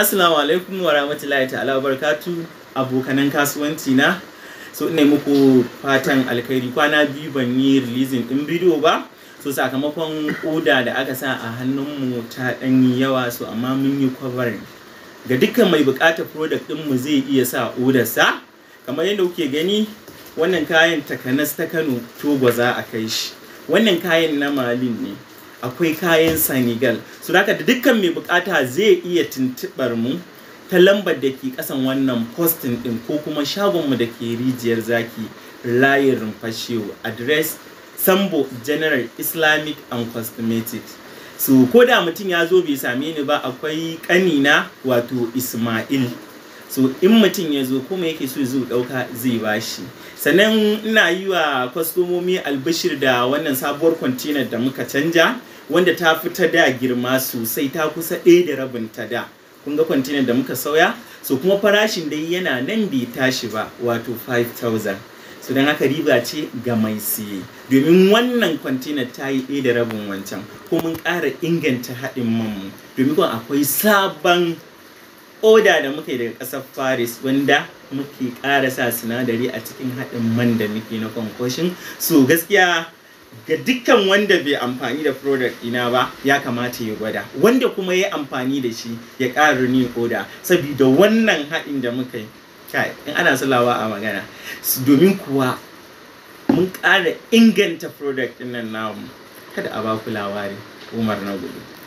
Assalamu alaikum wa rahmatullahi ta'ala barkatu abokanan kasuwanci na so ina muku fatan alkhairi kwana biyu ban yi releasing din bidiyo ba so sakamakon oda da aka sa a hannunmu ta ɗan yawa so amma mun yi covering ga dukkan mai buƙatar product din mu zai iya sa odar sa kamar yadda kuke gani wannan kayan takanas ta Kano Togo za a kai shi wannan kayan na Malin ne akwai kayan Senegal su da dukkan mai bukata zai iya tuntubar mu ta lambar da ke kasan wannan postin din ko kuma shagon mu da ke rijiyar zaki layin rumfashewa address sambo general islamic and cosmetics su ko da mutum ya zo bai same ni ba akwai kanina wato ismail so in mutum ya zo kuma yake so zai ɗauka zai bashi sannan ina yi wa kwastomomi albishir da wannan sabuwar kwantinar da muka canja wanda ta fi ta da girma sosai ta kusa ɗaya da rabin ta da kun ga kwantinar da muka sauya so kuma farashin dai yana nan bai tashi ba wato 5000 so don haka riba ce ga mai siye domin wannan kwantinar ta yi ɗaya da rabin wancan ko mun ƙara inganta haɗin mu domin akwai sabon oda da muke daga ƙasar Paris wanda muke ƙara sa sinadari a cikin haɗin man da muke na concussion. So gaskiya ga dukkan wanda bai amfani da product ina ba ya kamata ya gwada wanda kuma ya amfani da shi ya ƙara ni oda saboda wannan haɗin da muka yi kai in ana sulawa a magana domin kuwa mun ƙara inganta product ɗin nan namu kada a ba ku labari umar na gudu